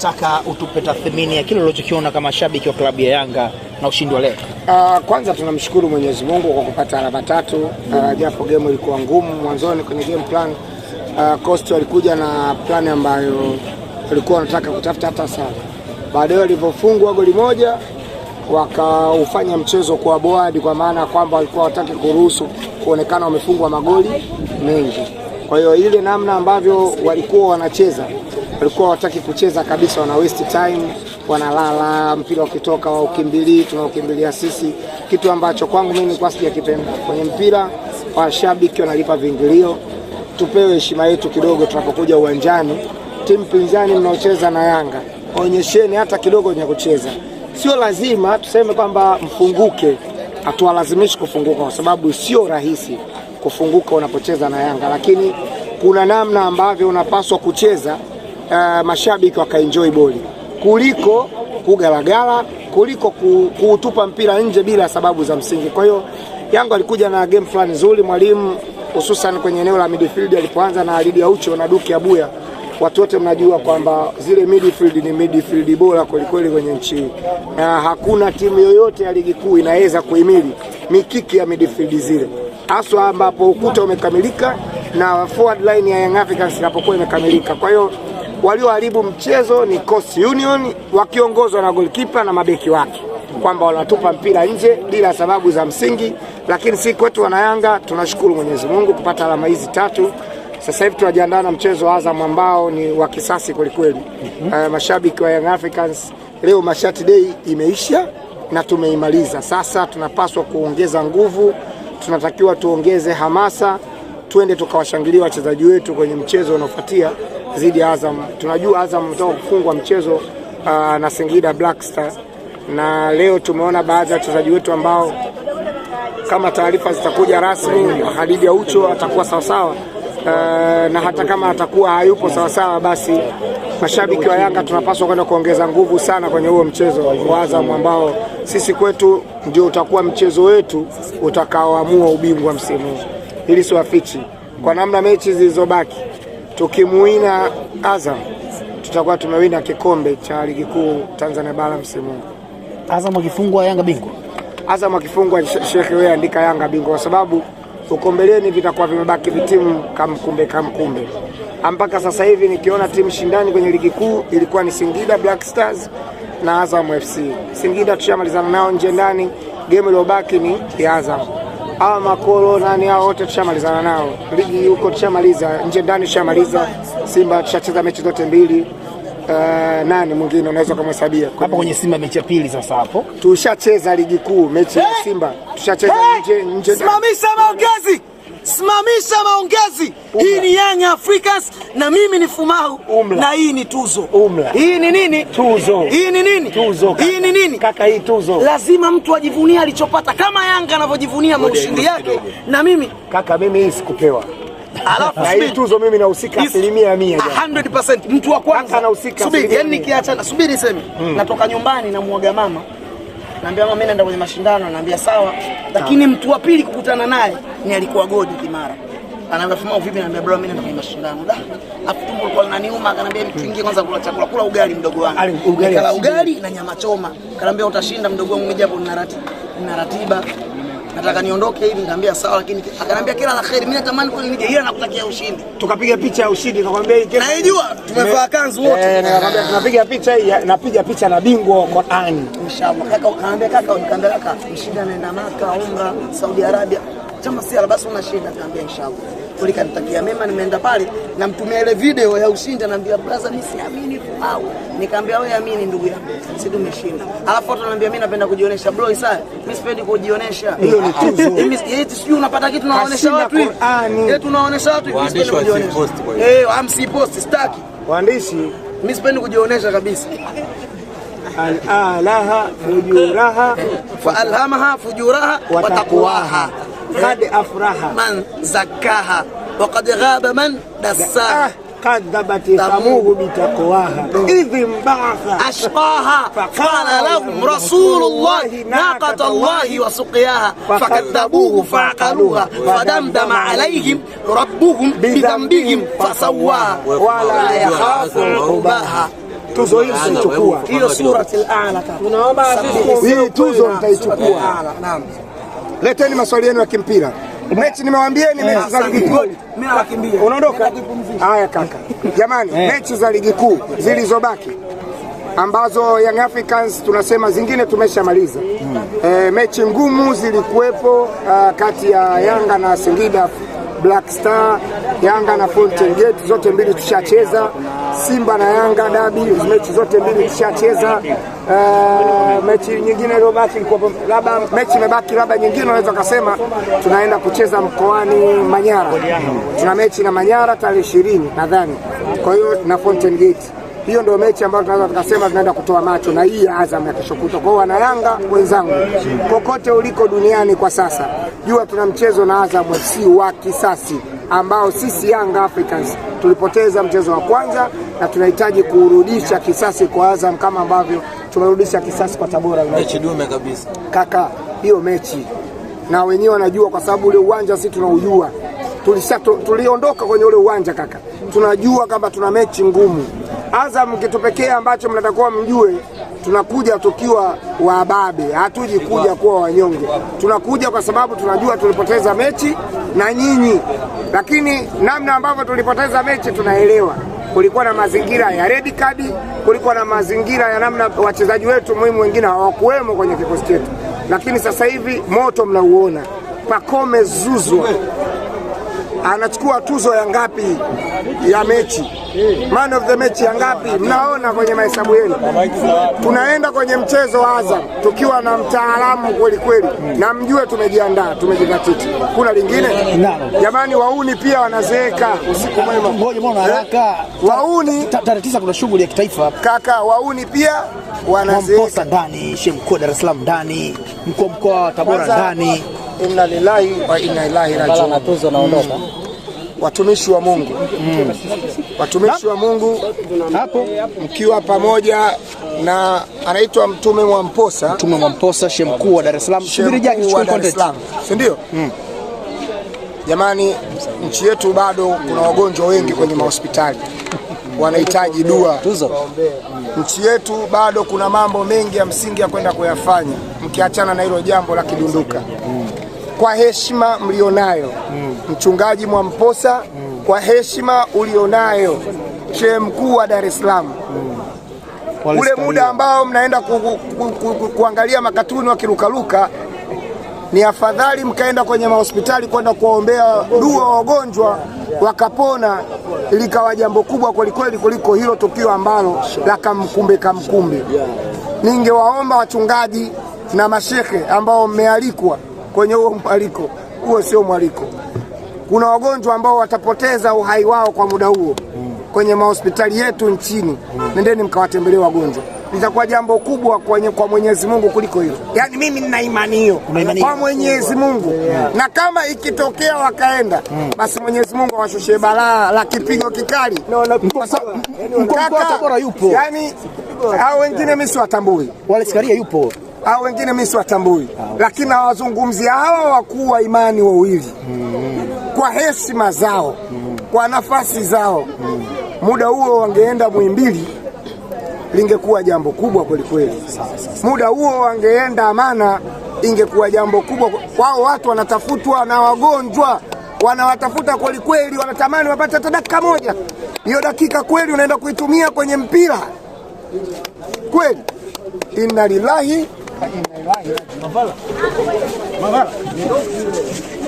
tunataka utupe tathmini ya kile ulichokiona kama shabiki wa klabu ya Yanga na ushindi wa leo. Uh, kwanza tunamshukuru Mwenyezi Mungu kwa kupata alama tatu uh, japo game ilikuwa ngumu mwanzoni kwenye game plan uh, ah, Coast walikuja na plani ambayo walikuwa wanataka kutafuta hata sana. Baadaye walipofungwa goli moja wakaufanya mchezo kwa board, kwa maana kwamba walikuwa wataki kuruhusu kuonekana wamefungwa magoli mengi. Kwa hiyo ile namna ambavyo walikuwa wanacheza walikuwa hawataki kucheza kabisa, wana waste time, wanalala, mpira ukitoka wa ukimbilii, tunaukimbilia sisi, kitu ambacho kwangu mimi nilikuwa sijakipenda kwenye mpira. Washabiki wanalipa viingilio, tupewe heshima yetu kidogo tunapokuja uwanjani. Timu pinzani mnaocheza na Yanga, onyesheni hata kidogo nya kucheza. Sio lazima tuseme kwamba mfunguke, hatuwalazimishi kufunguka kwa sababu sio rahisi kufunguka unapocheza na Yanga, lakini kuna namna ambavyo unapaswa kucheza uh, mashabiki wakaenjoy boli kuliko kugalagala, kuliko kuutupa mpira nje bila sababu za msingi. Kwa hiyo Yanga alikuja na game fulani nzuri mwalimu, hususan kwenye eneo la midfield alipoanza na Alidi Aucho na Duki Abuya. Watu wote mnajua kwamba zile midfield ni midfield bora kwelikweli kwenye nchi hii, na hakuna timu yoyote ya ligi kuu inaweza kuhimili mikiki ya midfield zile, haswa ambapo ukuta umekamilika na forward line ya Young Africans inapokuwa imekamilika. Kwa hiyo walioharibu mchezo ni Coast Union wakiongozwa na golkipa na mabeki wake, kwamba wanatupa mpira nje bila sababu za msingi. Lakini si kwetu Wanayanga, tunashukuru Mwenyezi Mungu kupata alama hizi tatu. Sasa hivi tunajiandaa na mchezo wa Azam ambao ni wa kisasi kwelikweli. mm -hmm. Uh, eh, mashabiki wa Young Africans leo mashati day imeisha na tumeimaliza. Sasa tunapaswa kuongeza nguvu, tunatakiwa tuongeze hamasa, twende tukawashangilia wachezaji wetu kwenye mchezo unaofuatia dhidi ya Azam. Tunajua Azam toka kufungwa mchezo uh, na Singida Black Star, na leo tumeona baadhi ya wachezaji wetu ambao kama taarifa zitakuja rasmi, Hadidi ya Ucho atakuwa sawasawa uh, na hata kama atakuwa hayupo sawasawa, basi mashabiki wa Yanga tunapaswa kwenda kuongeza nguvu sana kwenye huo mchezo wa Azam ambao sisi kwetu ndio utakuwa mchezo wetu utakaoamua ubingwa msimu huu. Hili siwafichi, kwa namna mechi zilizobaki tukimuina Azam tutakuwa tumewina kikombe cha ligi kuu Tanzania bara msimu huu. Azam akifungwa Yanga bingwa, Azam akifungwa Sheikh, wewe andika Yanga bingwa, kwa sababu ukombeleni vitakuwa vimebaki vitimu kamkumbe kamkumbe. Mpaka sasa hivi nikiona timu shindani kwenye ligi kuu ilikuwa ni Singida Black Stars na Azam FC. Singida tushamalizana nao nje ndani, game iliyobaki ni Azam hawa makolo nani hao wote tushamalizana nao, ligi huko tushamaliza, nje ndani tushamaliza. Simba tushacheza mechi zote mbili. Uh, nani mwingine unaweza kumhesabia hapo kwenye Simba? Mechi ya pili sasa, hapo tushacheza ligi kuu mechi ya hey! Simba tushacheza hey! nje nje. Simamisha maongezi, simamisha maongezi. Hii ni Young Africans na mimi ni Fumau Na hii ni tuzo Umla. Hii ni nini? Tuzo. Hii ni nini? Tuzo. Hii ni nini? Kaka, hii tuzo lazima mtu ajivunie alichopata kama Yanga anavyojivunia maushindi yake, na mimi kaka, mimi hii sikupewa Alafu na hii tuzo mimi nahusika asilimia mia, 100%. Mtu wa kwanza anahusika. Subiri, yani nikiachana, subiri sema. Hmm. Natoka nyumbani na namwaga mama, naambia mama mimi naenda kwenye mashindano, naambia sawa, lakini mtu wa pili kukutana naye ni alikuwa Godi Kimara anaanza fumao oh, vipi, na bro, mimi naenda kwenye mashindano da, ah, afu tumbo lilikuwa linaniuma, akaniambia tuingie kwanza kula chakula, kula ugali mdogo wangu, ugali na nyama choma, akaniambia utashinda mdogo wangu, mimi japo nina ratiba nataka niondoke hivi, nikamwambia sawa, lakini akaniambia kila la kheri. Mimi natamani kweli nije, ila nakutakia ushindi. Tukapiga picha ya ushindi, nikamwambia hii kesho naijua, tumevaa kanzu wote eh, nikamwambia tunapiga picha hii, napiga picha na bingwa wa Qur'an inshallah. Kaka akaambia kaka, nikaambia kaka, ushindi anaenda Maka, Umra, Saudi Arabia, chama si basi una shida, kaambia inshallah Toli kanitakia mema, nimeenda pale namtumia ile video ya ushindi, anaambia brother, mimi siamini fulao. nikamwambia wewe amini ndugu yangu, sisi tumeshinda. Alafu watu wanaambia mimi napenda kujionyesha bro, isa mimi sipendi kujionyesha. Hiyo ni Mimi eti sio unapata kitu naonyesha watu hivi. Eh, tunaonyesha watu hivi. sipendi kujionyesha eh, hey, Eh, amsi post staki Waandishi mimi sipendi kujionyesha kabisa. Al-alaha fujuraha fa alhamaha fujuraha wa taqwaha kad afraha man zakaha Waqad ghaba man dassaha kadhabat samuhu bitaqwaha idh ba'atha ashqaha faqala lahum rasulullahi naqata allahi wa suqiyaha fakadhabuhu faqaluha fadamdama alayhim rabbuhum bidhanbihim fasawwaha wala yakhafu uqbaha tuzo hiyo tutaichukua hiyo surati al-a'la tunaomba hii tuzo tutaichukua leteni maswali yenu ya kimpira Mechi mechi nimewaambia unaondoka. Haya kaka, jamani, eh. mechi za ligi kuu zilizobaki ambazo Young Africans tunasema zingine tumeshamaliza. Mm. E, mechi ngumu zilikuwepo uh, kati ya Yanga na Singida Black Star, Yanga na Fountain Gate zote mbili tushacheza. Simba na Yanga dabi, mechi zote mbili tushacheza. Uh, mechi nyingine iliyobaki labda mechi imebaki labda nyingine, unaweza kusema tunaenda kucheza mkoani Manyara, tuna mechi na Manyara tarehe ishirini nadhani, kwa hiyo na Fountain Gate hiyo ndio mechi ambayo tunaweza tukasema tunaenda kutoa macho na hii Azam ya kesho kutwa. Kwa wana Yanga wenzangu, kokote uliko duniani kwa sasa, jua tuna mchezo na Azam FC wa kisasi ambao sisi Yanga Africans tulipoteza mchezo wa kwanza, na tunahitaji kurudisha kisasi kwa Azam kama ambavyo tumerudisha kisasi kwa Tabora. Mechi dume kabisa kaka, hiyo mechi na wenyewe wanajua, kwa sababu ule uwanja sisi tunaujua, tuliondoka kwenye ule uwanja kaka, tunajua kwamba tuna mechi ngumu. Azam kitu pekee ambacho mnatakiwa mjue, tunakuja tukiwa wababe, hatuji kuja kuwa wanyonge. Tunakuja kwa sababu tunajua tulipoteza mechi na nyinyi, lakini namna ambavyo tulipoteza mechi tunaelewa kulikuwa na mazingira ya red card, kulikuwa na mazingira ya namna wachezaji wetu muhimu wengine hawakuwemo kwenye kikosi chetu, lakini sasa hivi moto mnauona. Pacome Zouzoua anachukua tuzo ya ngapi? ya mechi, man of the mechi ya ngapi? Mnaona kwenye mahesabu yenu. Tunaenda kwenye mchezo wa Azam tukiwa na mtaalamu kweli kweli, na mjue tumejiandaa, tumejikatiti. Kuna lingine jamani, wauni pia wanazeeka. Usiku mwema eh? haraka, wauni tarehe tisa kuna shughuli ya kitaifa kaka, wauni pia wanazeeka ndani, shehe mkuu Dar es Salaam ndani, mkuu mkoa wa Tabora ndani. Inna lillahi wa inna ilaihi rajiun watumishi wa Mungu mm. Watumishi wa Mungu hapo mkiwa pamoja na anaitwa Mtume Mwamposa, Mtume Mwamposa, shehe mkuu wa Dar es Salaam, subiri jaji chukua content, si ndio? mm. Jamani, nchi yetu bado kuna wagonjwa wengi kwenye mahospitali wanahitaji dua. Nchi yetu bado kuna mambo mengi ya msingi ya kwenda kuyafanya, mkiachana na hilo jambo la kidunduka kwa heshima mlionayo mm. Mchungaji Mwamposa mm. Kwa heshima ulionayo shehe mkuu wa Dar es Salaam mm. Ule muda ambao mnaenda ku, ku, ku, ku, ku, kuangalia makatuni wakirukaruka ni afadhali mkaenda kwenye mahospitali kwenda kuwaombea dua wagonjwa wakapona, likawa jambo kubwa kwelikweli kuliko hilo tukio ambalo la kamkumbe kamkumbe. Ningewaomba wachungaji na mashehe ambao mmealikwa kwenye huo mwaliko huo, sio mwaliko. Kuna wagonjwa ambao watapoteza uhai wao kwa muda huo kwenye mahospitali yetu nchini nendeni mkawatembelee wagonjwa, litakuwa jambo kubwa kwenye, kwa Mwenyezi Mungu kuliko hilo. Yaani mimi nina imani hiyo kwa Mwenyezi Mungu yeah. na kama ikitokea wakaenda mm. basi Mwenyezi Mungu awashushie balaa la kipigo kikali Yaani hao wengine mimi siwatambui, wale askaria yupo au wengine mimi siwatambui, lakini nawazungumzia hawa wakuu wa imani wawili mm. kwa heshima zao mm. kwa nafasi zao mm. muda huo wangeenda mwimbili lingekuwa jambo kubwa kweli kweli. Muda huo wangeenda Amana ingekuwa jambo kubwa. Wao watu wanatafutwa na wagonjwa wanawatafuta kweli kweli, wanatamani wapate hata dakika moja. Hiyo dakika kweli unaenda kuitumia kwenye mpira kweli? Inna lillahi 赶紧买完，麻烦了，麻烦了。